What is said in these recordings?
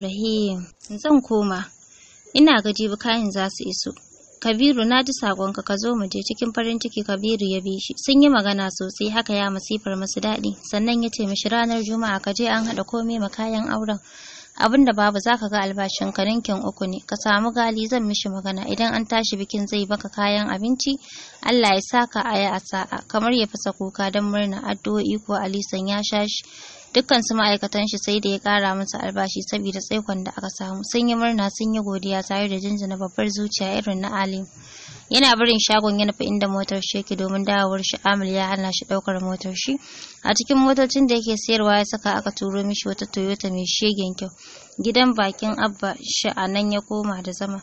Rahim, zan koma. Ina gaji kayan za su iso. Kabiru na ji saƙonka ka zo mu je cikin farin ciki Kabiru ya bi shi. Sun yi magana sosai haka ya masifar masu daɗi. Sannan ya ce mishi ranar Juma'a ka je an haɗa komai ma kayan auren. Abin da babu za ka ga albashin ka ninkin uku ne. Ka samu gali zan mishi magana idan an tashi bikin zai baka kayan abinci. Allah ya saka aya a sa'a kamar ya fasa kuka don murna addu'o'i ko Alisan ya sha shi. dukkan su ma'aikatan shi sai da ya kara musu albashi saboda tsaikon da aka samu sun yi murna sun yi godiya tare da jinjina babbar zuciya irin na alim yana barin shagon ya nufi inda motar shi yake domin dawowar shi amil ya hana shi ɗaukar motar shi a cikin motocin da yake sayarwa ya saka aka turo mishi wata toyota mai shegen kyau gidan bakin abba shi a nan ya koma da zama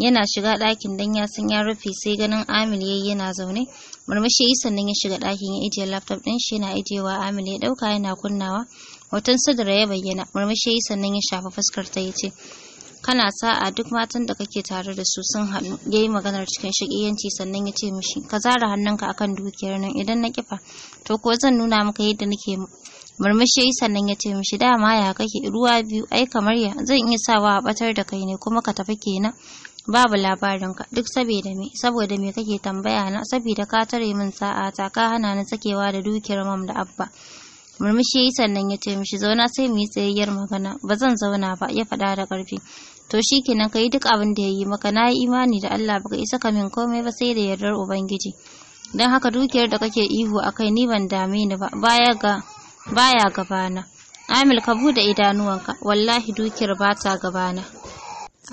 yana shiga ɗakin dan ya san ya rufe sai ganin Amil yayi yana zaune murmushi yi sannan ya shiga ɗakin ya ijiye laptop ɗin shi yana ajiyewa Amil ya ɗauka yana kunnawa hoton sadara ya bayyana murmushi yi sannan ya shafa fuskar ta yace kana sa'a duk matan da kake tare da su sun haɗu yayi maganar cikin shakiyanci sannan ya ce mishi ka zara hannunka akan dukiyar nan idan na kifa to ko zan nuna maka yadda nake murmushi yi sannan ya ce mishi dama ya kake ruwa biyu ai kamar ya zan iya sawa a batar da kai ne kuma ka tafi kenan babu labarin ka. duk saboda me saboda me kake tambaya na saboda ka tare min sa'a ta ka hana ni sakewa da dukiyar mam da abba murmushi yayi sannan ya ce mishi zauna sai mu yi tsayayyar magana ba zan zauna ba ya faɗa da ƙarfi to shikenan kai duk abin da yayi maka na nayi imani da Allah baka isa ka min komai ba sai da yardar ubangiji dan haka dukiyar da kake ihu akai ni ban dame ni ba baya ga baya gabana Amil ka bude idanuwanka wallahi dukiyar ba ta gabana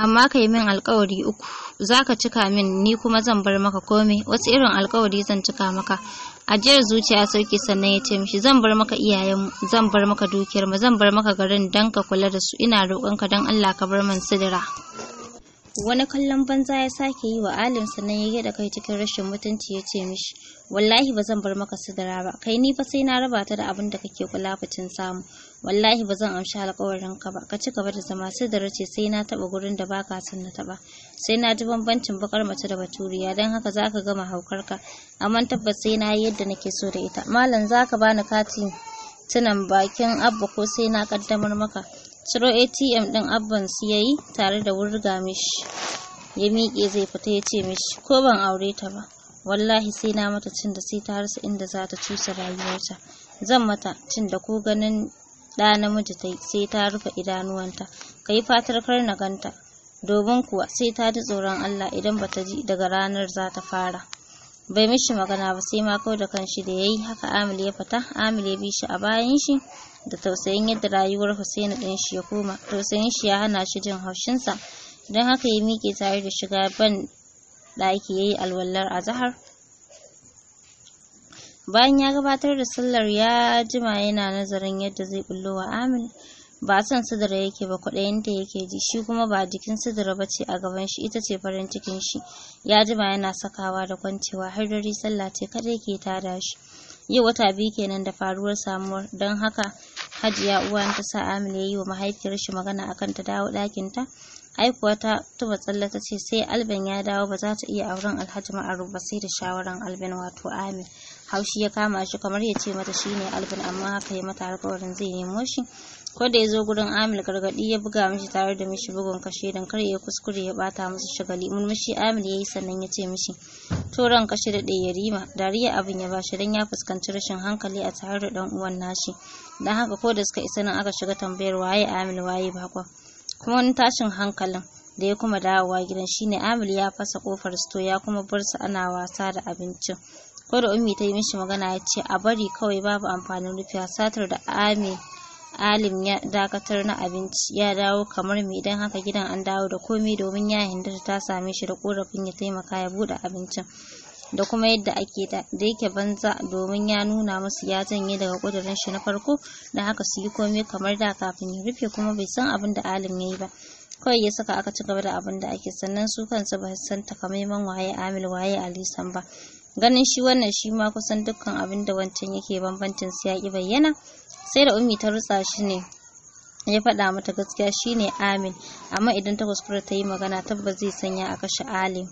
amma ka yi min alkawari uku za ka cika min ni kuma zan bar maka komai wasu irin alkawari zan cika maka ajiyar zuciya sauki sannan ya ce mishi zan bar maka iyayen zan bar maka dukiyar mu zan bar maka garin dan ka kula da su ina roƙonka dan Allah ka bar min sidira wani kallon banza ya sake yi wa alin sannan ya gida kai cikin rashin mutunci ya ce mishi wallahi ba zan bar maka sidira ba kai ni fa sai na raba ta da abin da kake kula fitin samu wallahi ba zan amshi alƙawarin ka ba ka ci gaba da zama sidara ce sai na taba gurin da baka son na taba sai na ji bambancin bakar mace da baturiya dan haka zaka gama haukar ka amma tabbas sai na yi yadda nake so da ita malam zaka bani katin tunan bakin abba ko sai na kaddamar maka ciro atm din abban su ya yi tare da wurga mishi ya miƙe zai fita ya ce mishi ko ban aure ta ba wallahi sai na mata cin da sai ta harsa inda za ta cusa rayuwarta zan mata cin da ko ganin ɗa namiji ta sai ta rufe idanuwanta ka yi fatar kar na ganta domin kuwa sai ta ji tsoron allah idan ba ta ji daga ranar za ta fara bai mishi magana ba sai ma kawai da kanshi da ya yi haka amil ya fita amil ya bi shi a bayan shi da tausayin yadda rayuwar Hussein ɗin shi ya koma tausayin shi ya hana shi jin haushinsa don haka ya miƙe tare da shiga ban ɗaki ya yi alwallar azahar bayan ya gabatar da sallar ya jima yana nazarin yadda zai bullo wa amin ba san sidira yake ba da yake ji shi kuma ba jikin sidira ba ce a gaban shi ita ce farin cikin shi ya jima yana sakawa da kwancewa har dare sallah ce kaɗai ke tada shi yau wata biyu kenan da faruwar samuwar don haka Hajiya uwan ta sa Amil ya yi wa mahaifiyar shi magana akan ta dawo ɗakin ta. Aikuwa ta tuba tsalle ta ce sai Alban ya dawo ba za ta iya auren Alhaji ma'aru ba sai da shawaran Alban wato amin Haushi ya kama shi kamar ya ce mata shi ne Alban amma haka ya mata alƙawarin zai nemo shi. ko da ya zo gurin Amil gargadi ya buga mishi tare da mishi bugun kashe don kar ya kuskure ya bata musu shagali murmushi Amil yayi sannan ya ce mishi to ran kashe da ɗaya rima dariya abin ya bashi don ya fuskanci rashin hankali a tare da dan uwan nashi don haka ko da suka isa nan aka shiga tambayar waye Amil waye bakwa kuma wani tashin hankalin da ya kuma dawowa gidan shine Amil ya fasa kofar sto ya kuma bar su ana wasa da abincin ko da ummi ta yi mishi magana ya ce a bari kawai babu amfanin rufiya satar da Amil Alim ya dakatar na abinci ya dawo kamar mai idan haka gidan an dawo da komai domin ya hindata ta same shi da korafin ya taimaka ya bude abincin da kuma yadda ake da da yake banza domin ya nuna musu ya janye daga kudurin shi na farko da haka su yi komai kamar da kafin ya rufe kuma bai san abin da alim ya yi ba kawai ya saka aka ci gaba da abin da ake sannan su kansa ba san takamaiman waye amil waye alisan ba ganin shi wannan shi ma kusan dukkan abin da wancan yake bambancin su ya ki bayyana sai da ummi ta rutsa shi ne ya faɗa mata gaskiya shine amin amma idan ta kuskura ta yi magana tabbas zai sanya a kashe Ali.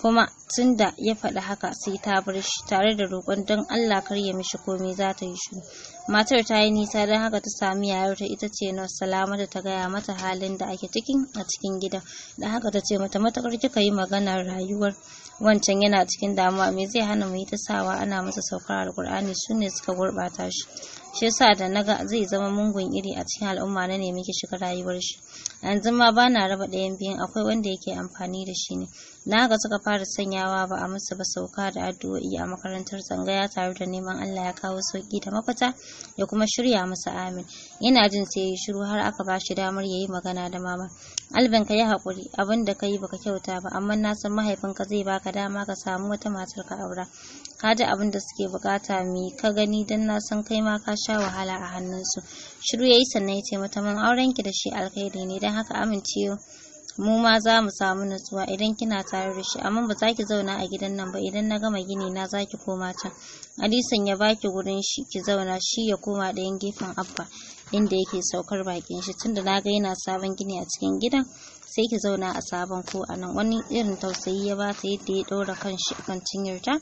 kuma tunda ya faɗa haka sai ta bar shi tare da roƙon don Allah kar ya mishi komai za ta yi shiru matar ta yi nisa don haka ta sami yayar ta ita ce na salamata ta gaya mata halin da ake cikin a cikin gidan don haka ta ce mata matakar kika yi maganar rayuwar wancan yana cikin damuwa me zai hana mu yi ta sawa ana masa saukar alkur'ani su ne suka gurɓata shi shi yasa da naga zai zama mungun iri a cikin al'umma na nemi ki shiga rayuwar shi yanzu ma ba na raba ɗayan biyun akwai wanda yake amfani da shi ne na ga suka fara sanyawa ba a musu ba sauka da addu'o'i a makarantar tsangaya tare da neman Allah ya kawo sauki da mafita ya kuma shirya masa amin ina jin sai ya shiru har aka ba shi damar ya yi magana da mama alban ka yi haƙuri abin da ka yi baka kyauta ba amma na san mahaifinka zai baka dama ka samu wata matar ka aura ka ji abin da suke bukata me ka gani dan na san kai ma ka sha wahala a hannunsu shiru yayi sannan ya ce mata mun auren ki da shi alkhairi ne dan haka amince mu ma za mu samu nutsuwa idan kina tare da shi amma ba za ki zauna a gidan nan ba idan na gama gini na za ki koma can alisan ya baki gurin shi ki zauna shi ya koma ɗayan gefen abba inda yake saukar bakin shi tunda na ga yana sabon gini a cikin gidan sai ki zauna a sabon ko a nan wani irin tausayi ya ba ta yadda ya ɗora kan shi kan cinyarta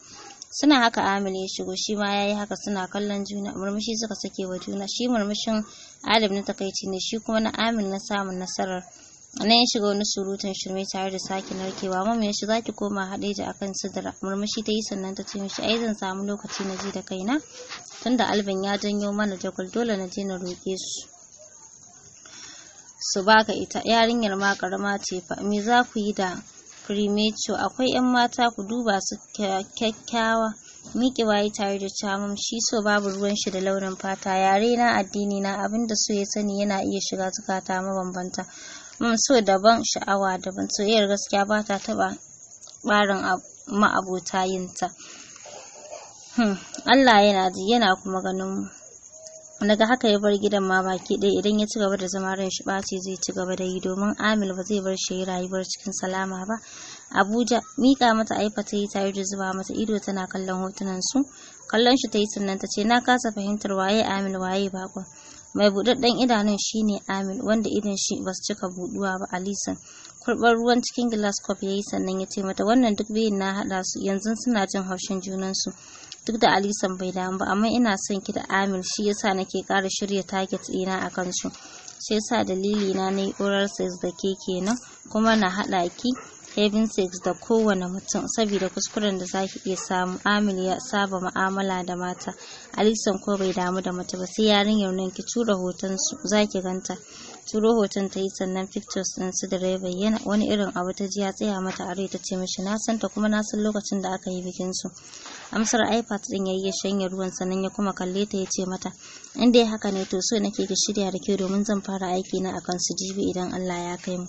suna haka Amina ya shigo shi ma yayi haka suna kallon juna murmushi suka sake wa juna shi murmushin adam na takaici ne shi kuma na amin na samun nasarar nan ya shiga wani surutan shirme tare da sake narkewa mam ya shi zaki koma da akan sidira murmushi ta yi sannan ta ce mishi ai zan samu lokaci na ji da kaina tunda alban ya janyo mana jakul dole na je na roƙe su su baka ita yarinyar ma karama ce fa me za ku yi da primecho akwai yan mata ku duba su kyakkyawa miƙe waye tare da camam shi so babu ruwan shi da launin fata yare na addini na abinda so ya sani yana iya shiga zukata mabambanta mun so daban sha'awa daban soyayyar gaskiya ba ta taba barin ma'abota yinta hmm, Allah yana ji yana kuma ganin mu daga haka ya bar gidan ma baki ɗaya idan ya ci gaba da zama ran shi ɓaci zai ci gaba da yi domin amil ba zai bar shi yi rayuwar cikin salama ba abuja mika mata aifa ta yi tayi da zuba mata ido tana kallon hotunan su kallon shi ta yi sannan ta ce na kasa fahimtar waye amil waye bakon mai buɗaɗɗen idanun shine amin wanda idan shi ba su cika buɗuwa ba alisan kurɓar ruwan cikin glass cup ya yi sannan ya ce mata wannan duk biyun na haɗa su yanzu suna jin haushin junansu duk da alisan bai damu ba amma ina son ki da amin shi yasa nake ƙara shirya target ɗina a kansu shi yasa dalili na na yi oral sex da ke kenan kuma na haɗa ki having sex da kowane mutum saboda kuskuren da zaki iya samu Amir ya saba mu'amala da mata Alison ko bai damu da mata ba sai yarinyar nan ki tura hoton su zaki ganta turo hoton ta yi sannan pictures din su da rai yana wani irin abu ta ji ya tsaya mata a rai ta ce mishi na san ta kuma na san lokacin da aka yi bikin su amsar ipad din yayi ya shanya ruwan sannan ya kuma kalle ta yace mata in dai haka ne to so nake ki shirya da kyau domin zan fara aiki na akan su jibi idan Allah ya kai mu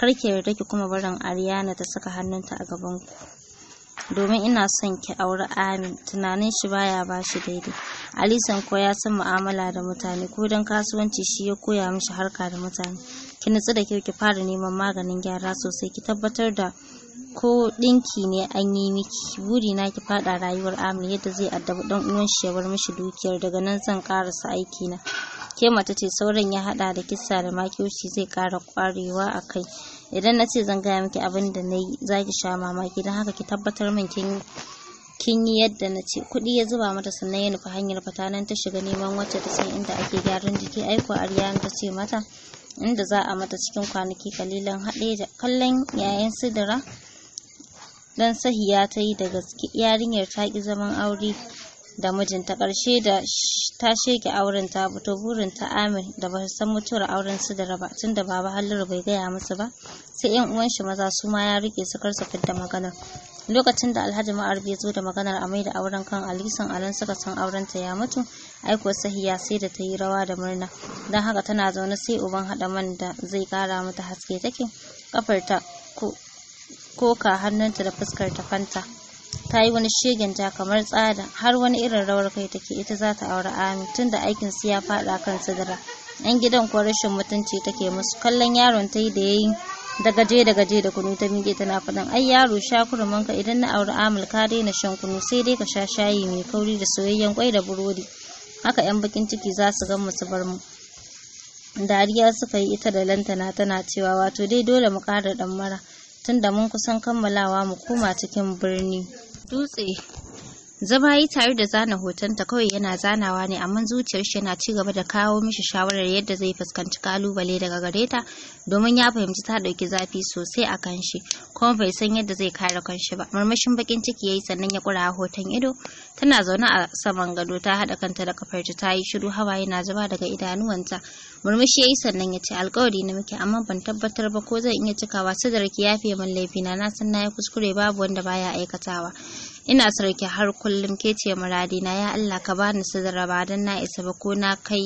kar ki yarda ki kuma barin Ariana ta saka hannunta a gaban ku domin ina son ki auri Amin tunanin shi baya ba shi daidai Alisan ko ya san mu'amala da mutane ko dan kasuwanci shi ya koya mishi harka da mutane ki nutsu da kyau ki fara neman maganin gyara sosai ki tabbatar da ko ɗinki ne an yi miki buri na ki faɗa rayuwar amir yadda zai addabi ɗan uwan shi ya bar mishi dukiyar daga nan zan ƙarasa aiki na ke mata ce sauran ya haɗa da kissa da makiyoshi zai kara kwarewa a kai idan na ce zan gaya miki abin da na yi za ki sha mamaki don haka ki tabbatar min kin kin yi yadda na ce kuɗi ya zuba mata sannan ya nufi hanyar fata nan ta shiga neman wacce ta san inda ake gyaran jiki aiko aryan ta ce mata inda za a mata cikin kwanaki kalilan haɗe da kallon yayan sidira dan sahiya ta yi da gaske yarinyar ta ki zaman aure da mijinta ƙarshe da ta sheke auren ta fito burin ta amin da ba san mutuwar auren su da raba tunda baba halliru bai gaya musu ba sai yan uwan shi maza su ma ya rike su karsa fidda fitta maganar lokacin da alhaji ma'arbi ya zo da maganar a da auren kan alisan alan suka san auren ta ya mutu aiko sahiya sai da ta yi rawa da murna don haka tana zaune sai uban haɗa man da zai kara mata haske take kafar ta ko koka hannunta da fuskar ta fanta ta yi wani shegen ja kamar tsada har wani irin rawar kai take ita za ta aure ami tunda aikin su ya fada kan sidira yan gidan kuwa rashin mutunci take musu kallon yaron ta yi da yayi da gaje da gaje da kunu ta miƙe tana faɗin ai yaro sha ka. idan na aure amul ka daina shan kunu sai dai ka sha shayi mai kauri da soyayyen kwai da burodi haka yan bakin ciki za su gan mu bar mu dariya suka yi ita da lantana tana cewa wato dai dole mu kara ɗan mara tunda mun kusan kammalawa mu koma cikin birni dutse zama yi tare da zana hotonta kawai yana zanawa ne amma zuciyar shi yana cigaba da kawo mishi shawarar yadda zai fuskanci kalubale daga gare ta domin ya fahimci ta dauki zafi sosai a kan shi kuma bai san yadda zai kare kanshi ba murmushin bakin ciki ya yi sannan ya kura hoton ido tana zaune a saman gado ta haɗa kanta da kafarta ta yi shiru hawa yana zuba daga idanuwanta murmushi ya yi sannan ya ce alkawari na muke amma ban tabbatar ba ko zan iya cikawa sadar ya yafe min laifina na san na yi kuskure babu wanda baya aikatawa ina sarki har kullum ke ce na. ya Allah ka bani sadara ba dan na isa ba ko na kai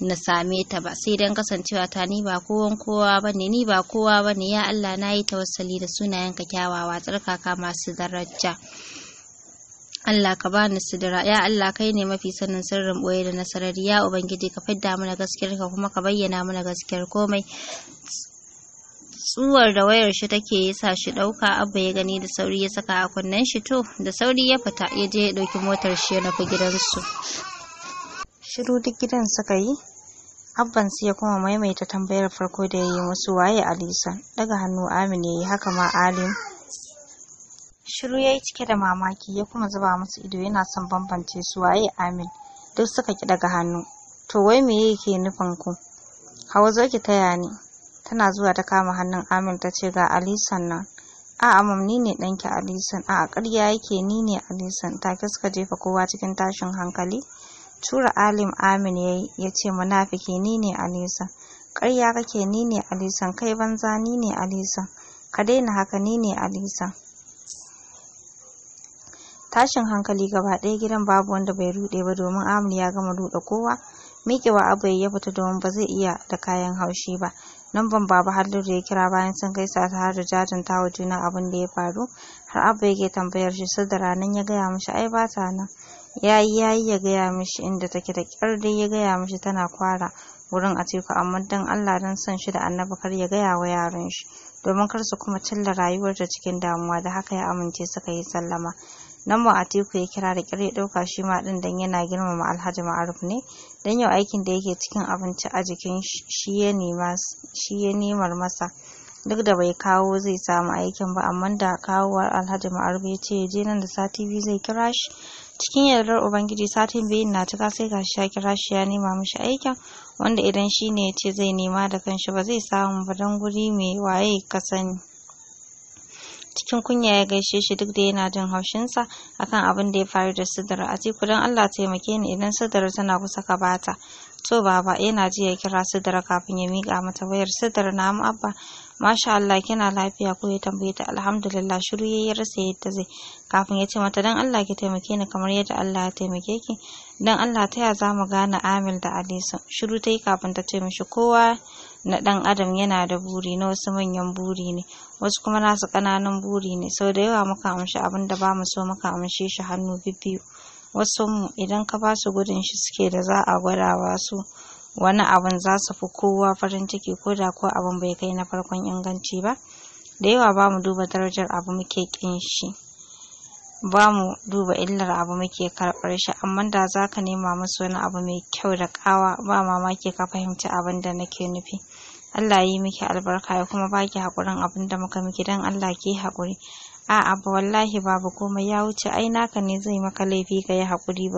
na same ta ba sai dan kasancewa ta ni ba kowan kowa ba ne, ni ba kowa ba ne. ya Allah na yi tawassali da sunayen ka kyawawa tsarkaka masu daraja Allah ka bani sidira ya Allah kai ne mafi sanin sirrin boye da nasarar ya ubangiji ka fidda mana gaskiyar ka kuma ka bayyana mana gaskiyar komai tsuwar da wayar shi take yasa sa shi ɗauka abba ya gani da sauri ya saka a kunnen shi to da sauri ya fita ya je ya ɗauki motar shi ya nufi gidansu shiru duk gidan suka yi abban su ya kuma maimaita tambayar farko da ya yi musu waye alisa daga hannu amin ya yi haka ma alim Shiru ya yi cike da mamaki ya kuma zuba musu ido yana son bambance su waye Amin duk suka ki daga hannu. To wai me yake nufin ku? Hawa zo ki taya ni. Tana zuwa ta kama hannun Amin ta ce ga Alisan nan. A'a mam ni ne danki Alisan, a'a karya yake ni ne Alisan, ta take suka jefa kowa cikin tashin hankali. Tura Alim Amin yayi ya ce munafiki ni ne Alisan, ƙarya kake ni ne Alisan, kai banza ni ne Alisan, ka daina haka ni ne Alisan. tashin hankali gaba ɗaya gidan babu wanda bai rude ba domin Aminu ya gama rude kowa mikewa abu ya fita domin ba zai iya da kayan haushi ba nan ban baba halliru ya kira bayan sun kai ta har da jajin tawo juna abin da ya faru har abu yake tambayar shi sai da ranar ya gaya mishi ai ba ta nan yayi yayi ya gaya mishi inda take da kyar dai ya gaya mishi tana kwara wurin a teku amma dan allah dan san shi da annabi kar ya gaya wa yaran shi domin kar su kuma cilla rayuwarta cikin damuwa da haka ya amince suka yi sallama nan ma Atiku ya kira da ya ɗauka shi ma ɗin dan yana girmama Alhaji Ma'aruf ne dan yau aikin da yake cikin abinci a jikin shi ya nema shi ya nemar masa duk da bai kawo zai samu aikin ba amma da kawowar Alhaji Ma'aruf ya ce je nan da sati biyu zai kira shi cikin yardar ubangiji satin biyun na cika sai shi ya kira shi ya nema mishi aikin wanda idan shi ne ya ce zai nema da kanshi ba zai samu ba don guri mai waye ka sani cikin kunya ya gaishe shi duk da yana jin haushinsa akan abin da ya faru da a Atiku don Allah taimake ni idan Sidira tana kusa ka bata. To baba yana ji ya kira sidara kafin ya mika mata wayar Sidira na abba. Masha Allah kina lafiya ko ya tambaye ta alhamdulillah shiru yayi rasa yadda zai kafin ya ce mata dan Allah ki taimake ni kamar yadda Allah ya taimake ki. Dan Allah ta ya zamu gane Amil da Alisu. Shiru ta yi kafin ta ce mishi kowa na ɗan adam yana da buri na wasu manyan buri ne wasu kuma nasu ƙananan buri ne sau da yawa muka amshi abin da bamu so muka amshe shi hannu bibbiyu wasu mu idan ka basu gudun shi suke da za a gwadawa su wani abun za su fi kowa farin ciki ko da ko abin bai kai na farkon inganci ba da yawa bamu duba darajar abu muke ƙin shi ba mu duba illar abu muke karɓar shi amma da za ka nema musu wani abu mai kyau da ƙawa ba mamaki ka fahimci abin da nake nufi Allah yi miki albarka ya kuma baki haƙurin abin da muka miki don Allah ke haƙuri a'a ba wallahi babu komai ya wuce ai naka ne zai maka laifi ka yi haƙuri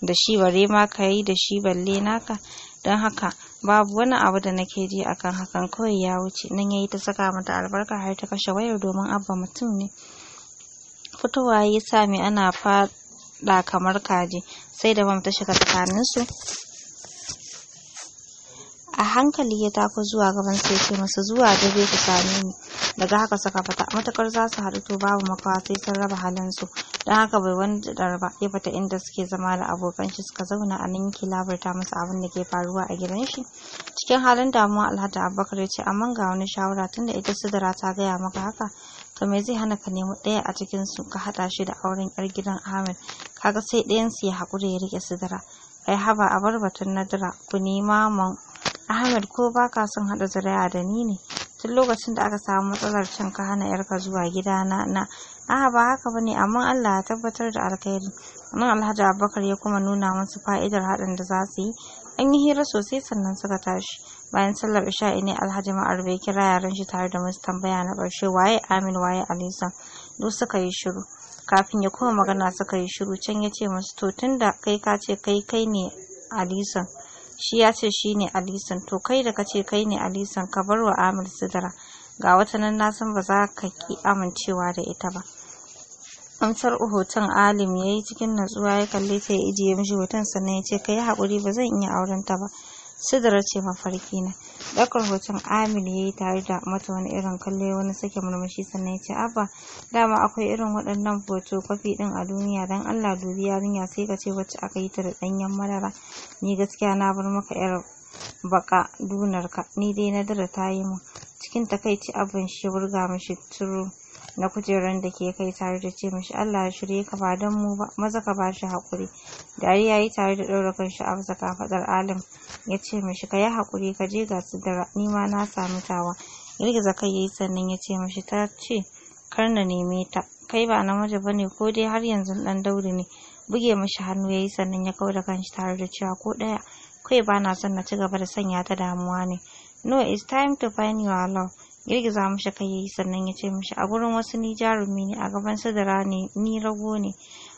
da shi bare ma ka yi da shi balle naka don haka babu wani abu da nake ji akan hakan kawai ya wuce nan yayi ta saka mata albarka har ta kashe wayar domin abba mutum ne fitowa ya me ana faɗa kamar kaji sai da mam ta shiga tsakaninsu a hankali ya tafi zuwa gaban sai ce masa zuwa dare ku same ni daga haka suka fita matakar za su haɗu to babu makawa sai sun raba halinsu don haka bai wani da ba ya fita inda suke zama da abokan shi suka zauna a nan yake labarta masa abin da ke faruwa a gidan shi cikin halin damuwa alhaji abubakar ya ce amma ga wani shawara tunda ita sidara ta gaya maka haka to me zai hana ka nemi ɗaya a cikin su ka haɗa shi da auren yar gidan ahmed kaga sai ɗayan su ya haƙura ya riƙe sidara kai haba a bar batun nadira ku nema man ahmed ko ba ka son hada zuri'a da ni ne tun lokacin da aka samu matsalar cin ka hana yarka zuwa gidana na a'a ba haka ba ne amma Allah ya tabbatar da alkhairi nan Alhaji Abubakar ya kuma nuna musu fa'idar hadin da za su yi an yi hira sosai sannan suka tashi bayan sallar isha ne Alhaji Ma'ar ya kira yaran shi tare da musu tambaya na karshe waye Amin waye Alisa duk suka yi shiru kafin ya kuma magana suka yi shiru can ya ce musu to tunda kai ka ce kai kai ne Alisa shi ya ce shi ne alisan to kai da kace kai ne alisan ka bar wa amir sidira ga wata nan na san ba za ka ki amincewa da ita ba amsar hoton alim ya yi cikin natsuwa ya kalli ta ya ijiye mishi hoton sannan ya ce ka yi haƙuri ba zan iya auren ta ba sidirar ce mafarki na ɗaukar hoton amil ya yi tare da mata wani irin kalle wani sake murmushi sannan ya ce abba dama akwai irin waɗannan foto kwafi ɗin a duniya don allah dubi yarinya sai ka ce wacce aka yi ta da ɗanyen madara ni gaskiya na bar maka yar baka ka ni dai na dara ta yi min cikin takaici abin shi wurga mashi turu na kujerar da ke kai tare da ce mashi Allah ya shirya ka ba don mu ba maza ka ba shi hakuri dariya yi tare da ɗaura shi a bisa kafaɗar alim ya ce mishi ka yi haƙuri ka je ga su ni ma na sami tawa girgiza kai yi sannan ya ce mishi ta ce kar na neme ta kai ba namiji ba ne ko dai har yanzu ɗan dauri ne buge mishi hannu ya yi sannan ya kau da kanshi tare da cewa ko ɗaya kai ba na son na ci gaba da sanya ta damuwa ne no it's time to find your love girgiza mishi kai yayi sannan ya ce mishi a gurin wasu ni jarumi ne a gaban su da rani ni rago ne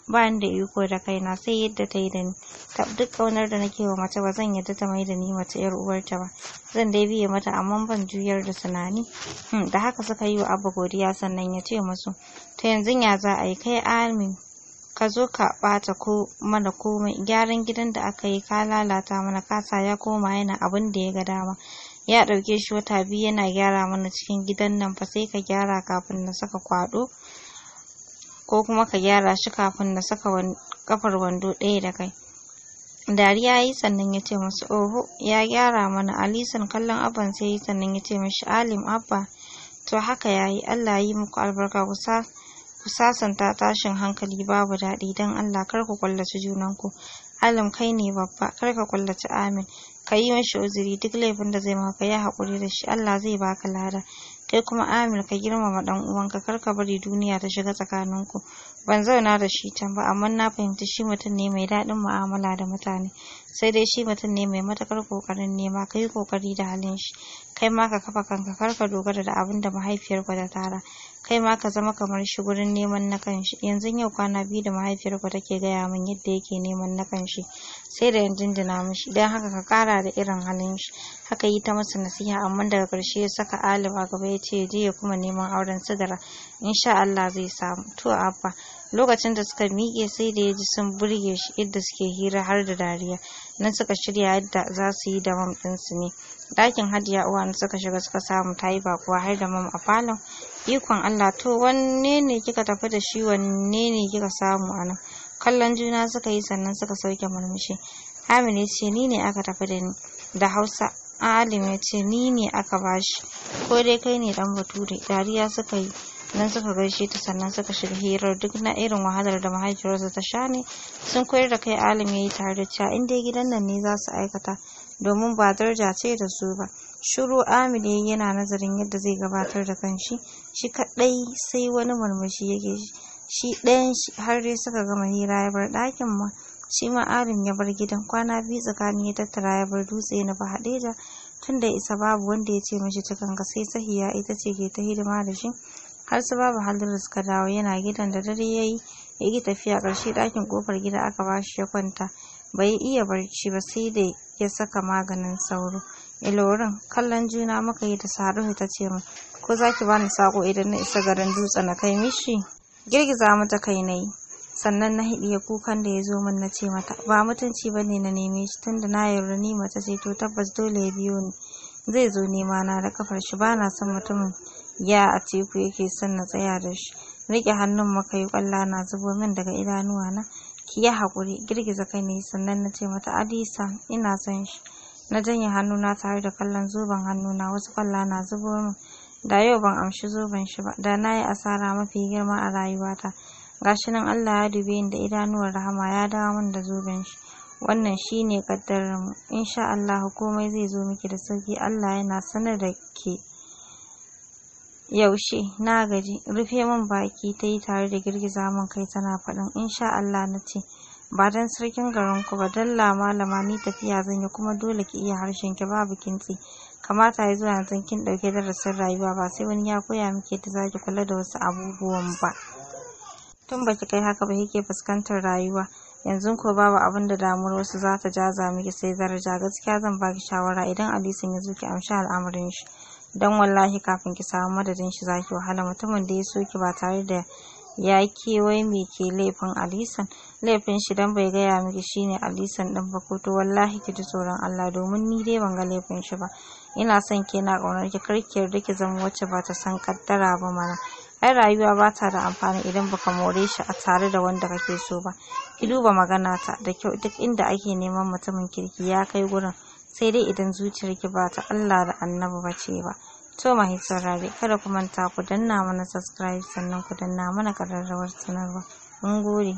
ba da iko da kaina sai yadda ta yi da ni ta duk ƙaunar da nake wa mace ba zan yadda ta mai da ni mace yar uwarta ba zan dai biye mata amma ban juyar da tunani hmm, da haka suka yi wa abba godiya sannan ya ce musu Ta yanzu ya za a yi kai amin ka zo ka bata ko mana komai gyaran gidan da aka yi ka lalata mana kasa ya koma yana abin da ya ga dama ya ɗauke shi wata biyu yana gyara mana cikin gidan nan fa sai ka gyara kafin na saka kwaɗo ko kuma ka gyara shi kafin na saka kafar wando ɗaya da kai dariya ya yi sannan ya ce masu oho ya gyara mana alisan kallon abban sai ya yi sannan ya ce mashi alim abba to haka ya yi allah yi muku albarka ku sasanta tashin hankali babu daɗi don allah kar ku kwallaci junanku alim kai ne babba kar ka kwallaci amin ka yi mashi uzuri duk laifin da zai maka ya haƙuri da shi allah zai baka lada Kai kuma Amil ka girmama ɗan uwanka, kar ka bari duniya ta shiga tsakaninku. ban zauna da shi can ba amma na fahimci shi mutum ne mai daɗin mu'amala da mutane sai dai shi mutum ne mai matakar kokarin nema ka yi kokari da halin shi kai ma ka kafa kanka kar ka dogara da abin da mahaifiyar ku ta tara kai ma ka zama kamar shi gurin neman na kanshi yanzu yau kwana biyu da mahaifiyar ku take gaya min yadda yake neman na kanshi sai da yan jinjina mishi don haka ka kara da irin halin shi haka yi ta masa nasiha amma daga ƙarshe ya saka a gaba ya ce je ya kuma neman auren sigara insha Allah zai samu to abba lokacin da suka miƙe sai da ya ji sun burge shi idda suke hira har da dariya nan suka shirya yadda za su yi da mam ɗinsu ne ɗakin hadiya uwa na suka shiga suka samu ta yi bakuwa har da mam a falon ikon allah to wanne ne kika tafi da shi wanne ne kika samu a nan kallon juna suka yi sannan suka sauke murmushi hamil ya ce ni ne aka tafi da ni da hausa alim ya ce ni ne aka bashi ko dai kai ne dan bature dariya suka yi nan suka gaishe ta sannan suka shiga hirar duk na irin wahalar da mahaifiyarsa ta sha ne sun koyar da kai alim ya yi tare da cewa inda gidan nan ne za su aikata domin ba daraja ce da su ba shiru ya yana nazarin yadda zai gabatar da kanshi shi kadai sai wani murmushi yake shi ɗayan har dai suka gama hira ya bar ɗakin ma shi ma alim ya bar gidan kwana biyu tsakanin ya tattara ya bar dutse na da tun da isa babu wanda ya ce mashi ta ga sai sahiya ita ce ke ta hidima da shi har su babu halin da suka dawo yana gidan da dare ya yi ya yi tafiya ƙarshe ɗakin ƙofar gida aka ba shi ya kwanta bai iya barci ba sai da ya saka maganin sauro ilorin kallon juna muka yi da saruhu ta ce min ko za ki bani sako idan na isa garin dutse na kai mishi girgiza mata kai na yi sannan na hidiye kukan da ya zo min na ce mata ba mutunci ba ne na neme shi tun da na yarda ni mace ce to tabbas dole ya biyo ni zai zo nema na da kafar shi ba na son mutumin ya a teku yake son na tsaya da shi rike hannun maka yi kwalla na zubo min daga idanuwa na ki ya hakuri girgiza kai ne sannan na ce mata Adisa ina son shi na janye hannuna tare da kallon zoben hannuna wasu kwalla na zubo min da yau ban amshi zoben shi ba da na yi asara mafi girma a rayuwata gashi nan Allah ya dube ni da idanuwar rahama ya dawo min da zoben shi wannan shi ne kaddarar mu insha Allah komai zai zo miki da sauki Allah yana sanar da ke yaushe na gaji rufe min baki ta yi tare da girgiza min kai tana faɗin insha Allah na ce ba don sarkin garin ku ba don malama ni tafiya zan yi kuma dole ki iya harshen ki babu kintsi kamata ya zuwa yanzu kin ɗauki darasin rayuwa ba sai wani ya koya miki yadda zaki kula da wasu abubuwan ba tun ba ki kai haka ba kike fuskantar rayuwa yanzu ko babu abin da damuwar wasu za ta jaza miki sai daraja gaskiya zan baki shawara idan alisan ya zo ki amshi al'amarin shi don wallahi kafin ki samu madadin shi zaki wahala mutumin da ya so ki ba tare da ya ke wai me ke laifin alisan laifin shi dan bai gaya miki shine alisan din ba ko to wallahi ki ji tsoron Allah domin ni dai ban ga laifin shi ba ina son ki na kaunar ki kar ki yarda ki zama wacce ba ta san kaddara ba mana ai rayuwa ba ta da amfani idan baka more shi a tare da wanda kake so ba ki duba magana ta da kyau duk inda ake neman mutumin kirki ya kai gurin sai dai idan zuciyarki ba ta Allah da annabi ba ce ba to mai saurare kada ku manta ku danna mana subscribe sannan ku danna mana kararrawar sanarwa mun gode